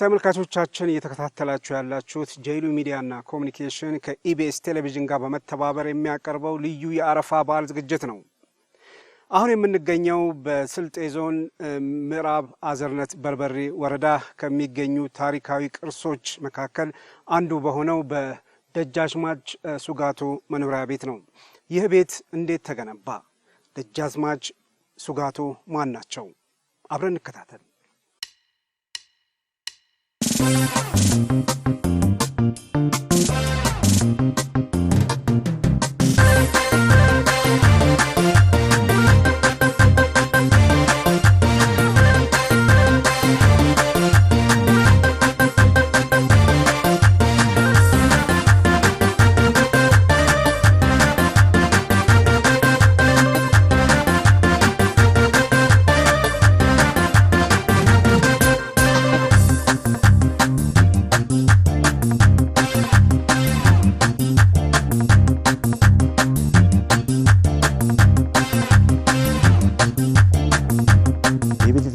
ተመልካቾቻችን እየተከታተላችሁ ያላችሁት ጄይሉ ሚዲያና ኮሚኒኬሽን ከኢቢኤስ ቴሌቪዥን ጋር በመተባበር የሚያቀርበው ልዩ የአረፋ በዓል ዝግጅት ነው። አሁን የምንገኘው በስልጤ ዞን ምዕራብ አዘርነት በርበሬ ወረዳ ከሚገኙ ታሪካዊ ቅርሶች መካከል አንዱ በሆነው በደጃዝማች ሱጋቶ መኖሪያ ቤት ነው። ይህ ቤት እንዴት ተገነባ? ደጃዝማች ሱጋቶ ማን ናቸው? አብረን እንከታተል።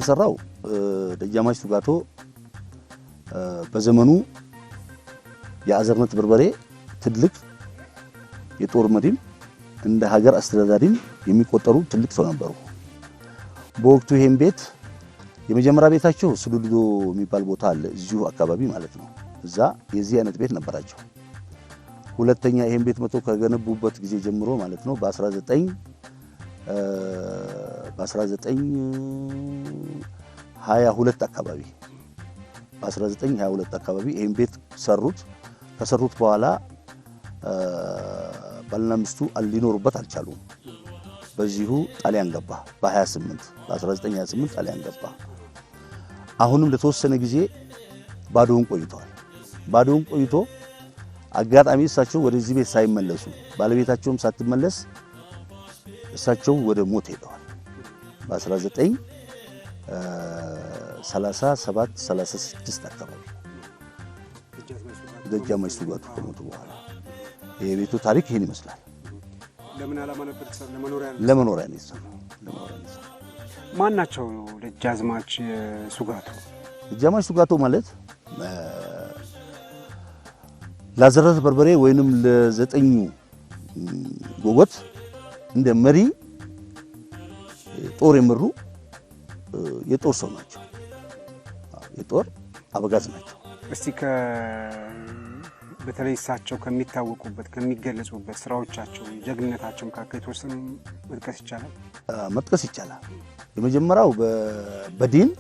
የተሰራው ደጃዝማች ቱጋቶ በዘመኑ የአዘርነት በርበሬ ትልቅ የጦር መሪም እንደ ሀገር አስተዳዳሪም የሚቆጠሩ ትልቅ ሰው ነበሩ። በወቅቱ ይሄን ቤት የመጀመሪያ ቤታቸው ስሉልዶ የሚባል ቦታ አለ፣ እዚሁ አካባቢ ማለት ነው። እዛ የዚህ አይነት ቤት ነበራቸው። ሁለተኛ ይሄን ቤት መቶ ከገነቡበት ጊዜ ጀምሮ ማለት ነው በ19 በ1922 አካባቢ በ1922 አካባቢ ይህን ቤት ሰሩት። ከሰሩት በኋላ ባልና ሚስቱ ሊኖሩበት አልቻሉም። በዚሁ ጣሊያን ገባ። በ28 በ1928 ጣሊያን ገባ። አሁንም ለተወሰነ ጊዜ ባዶውን ቆይተዋል። ባዶውን ቆይቶ አጋጣሚ እሳቸው ወደዚህ ቤት ሳይመለሱ ባለቤታቸውም ሳትመለስ እሳቸው ወደ ሞት ሄደዋል። በ1937 36 አካባቢ ደጃዝማች ቱጋቱ ከሞቱ በኋላ የቤቱ ታሪክ ይህን ይመስላል። ለመኖሪያ ነው የተሰራው። ማን ናቸው ደጃዝማች ሱጋቶ? ደጃዝማች ሱጋቶ ማለት ላዘረት በርበሬ ወይንም ለዘጠኙ ጎጎት እንደ መሪ ጦር የመሩ የጦር ሰው ናቸው። የጦር አበጋዝ ናቸው። እስቲ በተለይ እሳቸው ከሚታወቁበት ከሚገለጹበት ስራዎቻቸው ጀግንነታቸው መካከል የተወሰኑ መጥቀስ ይቻላል መጥቀስ ይቻላል። የመጀመሪያው በዲን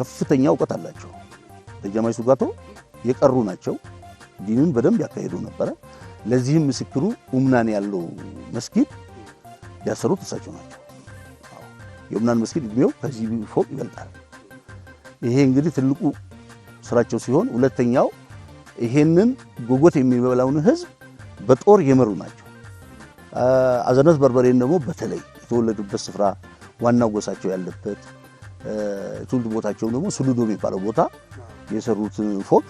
ከፍተኛ እውቀት አላቸው። ተጃማች ሱጋቶ የቀሩ ናቸው። ዲኑን በደንብ ያካሄዱ ነበረ። ለዚህም ምስክሩ ኡምናን ያለው መስጊድ ያሰሩት እሳቸው ናቸው። የኡምናን መስጊድ እድሜው ከዚህ ፎቅ ይበልጣል። ይሄ እንግዲህ ትልቁ ስራቸው ሲሆን፣ ሁለተኛው ይሄንን ጎጎት የሚበላውን ህዝብ በጦር የመሩ ናቸው። አዘነት በርበሬን ደግሞ በተለይ የተወለዱበት ስፍራ ዋና ጎሳቸው ያለበት ትውልድ ቦታቸውም ደግሞ ሱሉዶ የሚባለው ቦታ የሰሩት ፎቅ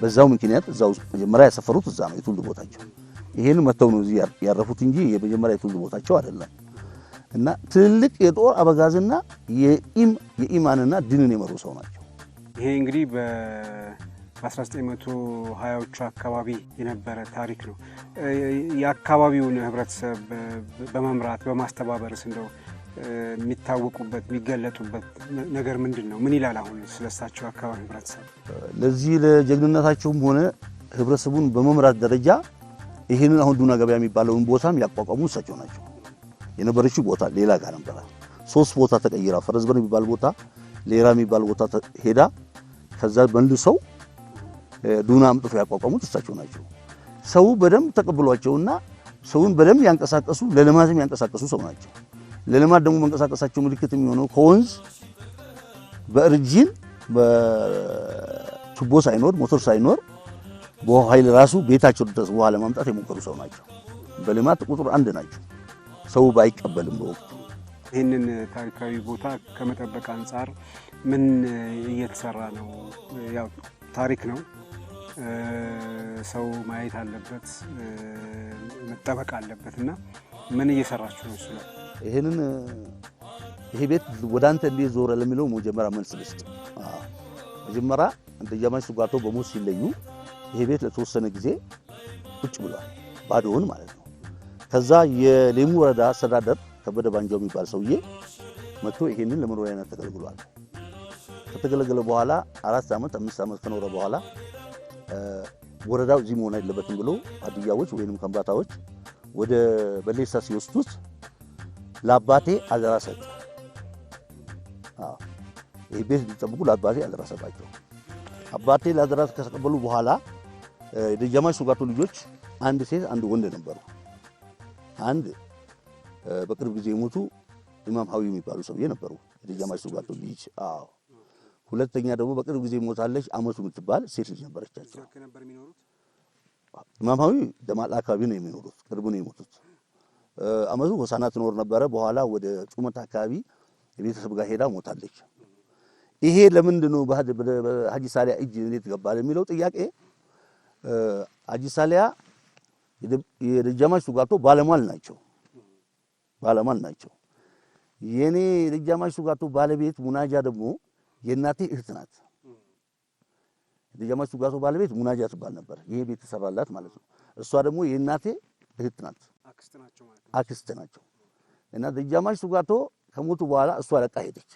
በዛው ምክንያት እዛው መጀመሪያ ያሰፈሩት እዛ ነው የትውልድ ቦታቸው። ይሄን መተው ነው እዚህ ያረፉት እንጂ የመጀመሪያ የትውልድ ቦታቸው አይደለም። እና ትልልቅ የጦር አበጋዝና የኢማንና ድንን የመሩ ሰው ናቸው። ይሄ እንግዲህ በ1920ዎቹ አካባቢ የነበረ ታሪክ ነው። የአካባቢውን ህብረተሰብ በመምራት በማስተባበርስ እንደው የሚታወቁበት የሚገለጡበት ነገር ምንድን ነው? ምን ይላል አሁን ስለሳቸው አካባቢ ህብረተሰብ? ለዚህ ለጀግንነታቸውም ሆነ ህብረተሰቡን በመምራት ደረጃ ይህንን አሁን ዱና ገበያ የሚባለውን ቦታም ያቋቋሙ እሳቸው ናቸው። የነበረችው ቦታ ሌላ ጋር ነበራት። ሶስት ቦታ ተቀይራ ፈረዝበር የሚባል ቦታ፣ ሌራ የሚባል ቦታ ሄዳ ከዛ መልሰው ዱና አምጥፎ ያቋቋሙት እሳቸው ናቸው። ሰው በደንብ ተቀብሏቸውና ሰውን በደንብ ያንቀሳቀሱ ለልማትም ያንቀሳቀሱ ሰው ናቸው። ለልማት ደግሞ መንቀሳቀሳቸው ምልክት የሚሆነው ከወንዝ በእርጅን በቱቦ ሳይኖር ሞተር ሳይኖር በውሃ ኃይል ራሱ ቤታቸው ድረስ ውሃ ለማምጣት የሞከሩ ሰው ናቸው። በልማት ቁጥር አንድ ናቸው። ሰው ባይቀበልም በወቅቱ ይህንን ታሪካዊ ቦታ ከመጠበቅ አንጻር ምን እየተሰራ ነው? ያው ታሪክ ነው፣ ሰው ማየት አለበት፣ መጠበቅ አለበት እና ምን እየሰራችሁ ነው? እሱ ይህንን ይሄ ቤት ወደ አንተ እንዲህ ዞረ ለሚለው መጀመሪያ መልስ ልስጥ። መጀመሪያ ደጃዝማች ሱጋቶ በሞት ሲለዩ ይሄ ቤት ለተወሰነ ጊዜ ቁጭ ብሏል፣ ባዶውን ማለት ነው። ከዛ የሌሙ ወረዳ አስተዳደር ከበደ ባንጃው የሚባል ሰውዬ መቶ ይሄንን ለመኖሪያነት ተገልግሏል። ከተገለገለ በኋላ አራት ዓመት አምስት ዓመት ከኖረ በኋላ ወረዳው እዚህ መሆን አይለበትም ብሎ አድያዎች ወይም ከምባታዎች ወደ በሌሳ ሲወስዱት ለአባቴ አደራ ሰጥ ይህ ቤት እንዲጠብቁ ለአባቴ አደራ ሰጣቸው። አባቴ ለአደራ ከተቀበሉ በኋላ የደጃማች ሱጋቱ ልጆች አንድ ሴት አንድ ወንድ ነበሩ። አንድ በቅርብ ጊዜ የሞቱ ኢማም ሀዊ የሚባሉ ሰውዬ ነበሩ። የደጃማች ሱጋቶ ልጅ። አዎ። ሁለተኛ ደግሞ በቅርብ ጊዜ ሞታለች አመቱ የምትባል ሴት ልጅ ነበረቻቸው። ኢማም ሀዊ ደማል አካባቢ ነው የሚኖሩት። ቅርብ ነው የሞቱት። አመቱ ሆሳና ትኖር ነበረ። በኋላ ወደ ጩመት አካባቢ የቤተሰብ ጋር ሄዳ ሞታለች። ይሄ ለምንድን ነው በሀጂ ሳሊያ እጅ እንዴት ገባ የሚለው ጥያቄ ሀጂ ሳሊያ የደጃማች ሱጋቶ ባለሟል ናቸው ባለሟል ናቸው። የኔ የደጃማች ሱጋቶ ባለቤት ሙናጃ ደግሞ የእናቴ እህት ናት። የደጃማች ሱጋቶ ባለቤት ሙናጃ ትባል ነበር። ይሄ ቤት አላት ማለት ነው። እሷ ደግሞ የእናቴ እህት ናት፣ አክስት ናቸው። እና ደጃማች ሱጋቶ ከሞቱ በኋላ እሷ ለቃ ሄደች።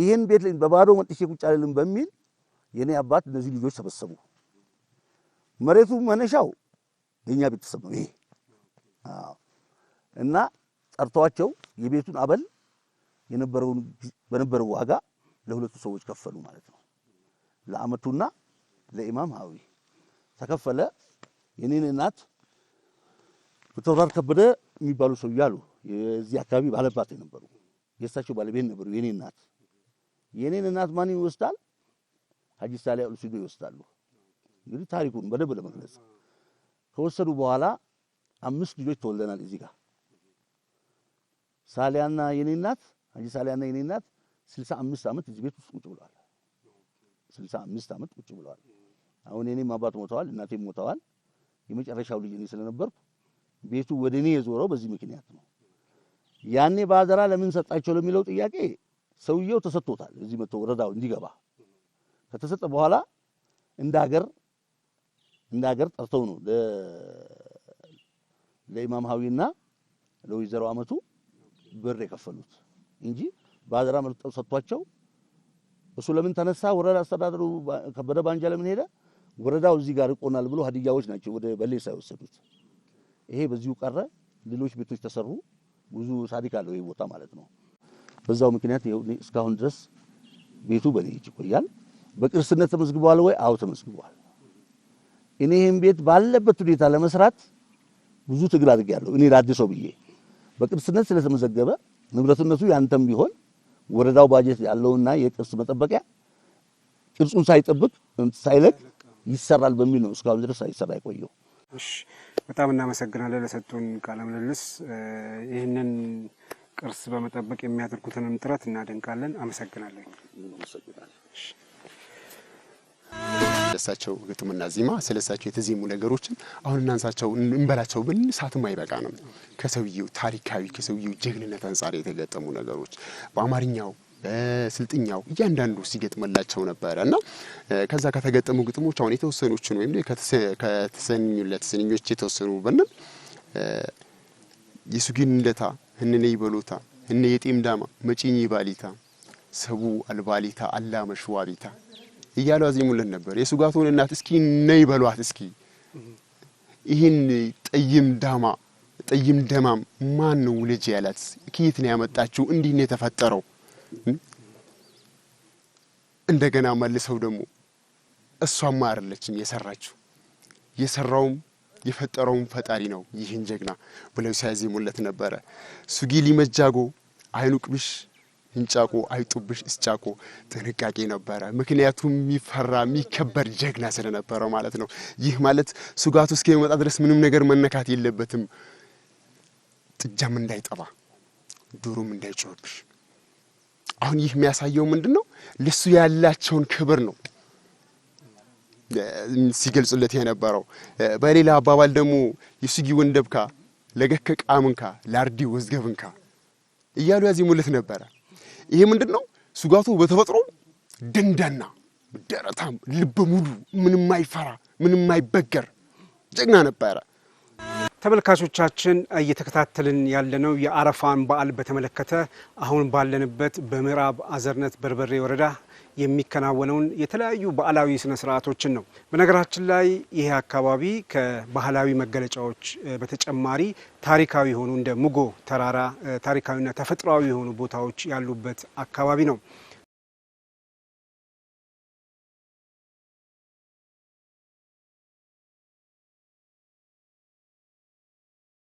ይህን ቤት በባዶ መጥቼ ቁጭ አልልም በሚል የኔ አባት እነዚህ ልጆች ሰበሰቡ። መሬቱ መነሻው የኛ ቤተሰብ ነው ይሄ እና ጠርተዋቸው የቤቱን አበል የነበረውን በነበረው ዋጋ ለሁለቱ ሰዎች ከፈሉ ማለት ነው። ለአመቱና ለኢማም ሀዊ ተከፈለ። የኔን እናት ብትወራት ከበደ የሚባሉ ሰውዬ አሉ። የዚህ አካባቢ ባለባት የነበሩ የእሳቸው ባለቤት ነበሩ። የኔን እናት የኔን እናት ማን ይወስዳል? ሀጂ ሳሊያ ኡልሲዶ ይወስዳሉ። እንግዲህ ታሪኩን በደንብ ለመግለጽ ከወሰዱ በኋላ አምስት ልጆች ተወልደናል። እዚህ ጋር ሳሊያና የኔ እናት ሀጂ ሳሊያና የኔ እናት 65 ዓመት እዚህ ቤት ውስጥ ቁጭ ብለዋል። 65 ዓመት ቁጭ ብለዋል። አሁን የኔም አባት ሞተዋል፣ እናቴም ሞተዋል። የመጨረሻው ልጅ እኔ ስለነበርኩ ቤቱ ወደ እኔ የዞረው በዚህ ምክንያት ነው። ያኔ በአደራ ለምን ሰጣቸው ለሚለው ጥያቄ ሰውየው ተሰጥቶታል። እዚህ መጥቶ ወረዳው እንዲገባ ከተሰጠ በኋላ እንደ ሀገር እንደ ሀገር ጠርተው ነው ለኢማም ሀዊና ለወይዘሮ አመቱ ብር የከፈሉት እንጂ በአደራ መልጠው ሰጥቷቸው እሱ ለምን ተነሳ? ወረዳ አስተዳደሩ ከበደ ባንጃ ለምን ሄደ? ወረዳው እዚህ ጋር ይቆናል ብሎ ሀዲያዎች ናቸው ወደ በሌሳ የወሰዱት። ይሄ በዚሁ ቀረ። ሌሎች ቤቶች ተሰሩ። ብዙ ታሪክ አለው ይሄ ቦታ ማለት ነው። በዛው ምክንያት እስካሁን ድረስ ቤቱ በኔ ይቆያል። በቅርስነት ተመዝግቧል ወይ? አዎ ተመዝግቧል። እኔ ይህን ቤት ባለበት ሁኔታ ለመስራት ብዙ ትግል አድርጌያለሁ። እኔ ለአዲስ ብዬ በቅርስነት ስለተመዘገበ ንብረትነቱ ያንተም ቢሆን ወረዳው ባጀት ያለውና የቅርስ መጠበቂያ ቅርጹን ሳይጠብቅ ሳይለቅ ይሰራል በሚል ነው እስካሁን ድረስ ሳይሰራ የቆየው። እሺ፣ በጣም እናመሰግናለን ለሰጡን ቃለ ምልልስ። ይህንን ቅርስ በመጠበቅ የሚያደርጉትንም ጥረት እናደንቃለን። አመሰግናለን። ስለሳቸው ግጥምና ዜማ ስለሳቸው የተዜሙ ነገሮችን አሁን እናንሳቸው እንበላቸው ብን ሳትም አይበቃ ነው። ከሰውየው ታሪካዊ ከሰውየው ጀግንነት አንጻር የተገጠሙ ነገሮች በአማርኛው በስልጥኛው እያንዳንዱ ሲገጥመላቸው ነበረ እና ከዛ ከተገጠሙ ግጥሞች አሁን የተወሰኖችን ወይም ከተሰንኙለት ስንኞች የተወሰኑ ብንል የሱጊን እንደታ ህንነ ይበሎታ ህነ የጤም ዳማ መጪኝ ባሊታ ሰቡ አልባሊታ አላ መሽዋቢታ እያሉ አዜሙልን ነበር። የሱጋቱን እናት እስኪ ነይ በሏት እስኪ ይህን ጠይም ዳማ ጠይም ደማም ማን ነው ልጅ ያላት? ከየት ነው ያመጣችው? እንዲህ ነው የተፈጠረው። እንደገና መልሰው ደግሞ እሷማ አይደለችም የሰራችው የሰራውም የፈጠረውም ፈጣሪ ነው ይህን ጀግና ብለው ሲያዜሙለት ነበረ። ሱጊሊ መጃጎ ቅብሽ ይንጫቆ አይጡብሽ እስጫቁ ጥንቃቄ ነበረ። ምክንያቱም የሚፈራ የሚከበር ጀግና ስለነበረው ማለት ነው። ይህ ማለት ስጋቱ እስከሚመጣ ድረስ ምንም ነገር መነካት የለበትም። ጥጃም እንዳይጠባ ዱሩም እንዳይጮብሽ አሁን ይህ የሚያሳየው ምንድን ነው? ለሱ ያላቸውን ክብር ነው ሲገልጹለት የነበረው። በሌላ አባባል ደግሞ የሱጊ ወንደብካ ለገከ ቃምንካ ወዝገብንካ እያሉ ያዜሙለት ነበረ። ይሄ ምንድን ነው? በተፈጥሮ ደንዳና፣ ደረታም፣ ልበ ሙሉ፣ ምንም አይፈራ፣ ምንም አይበገር ጀግና ነበረ። ተመልካቾቻችን እየተከታተልን ያለነው የአረፋን በዓል በተመለከተ አሁን ባለንበት በምዕራብ አዘርነት በርበሬ ወረዳ የሚከናወነውን የተለያዩ በዓላዊ ስነ ስርዓቶችን ነው። በነገራችን ላይ ይሄ አካባቢ ከባህላዊ መገለጫዎች በተጨማሪ ታሪካዊ የሆኑ እንደ ሙጎ ተራራ ታሪካዊና ተፈጥሯዊ የሆኑ ቦታዎች ያሉበት አካባቢ ነው።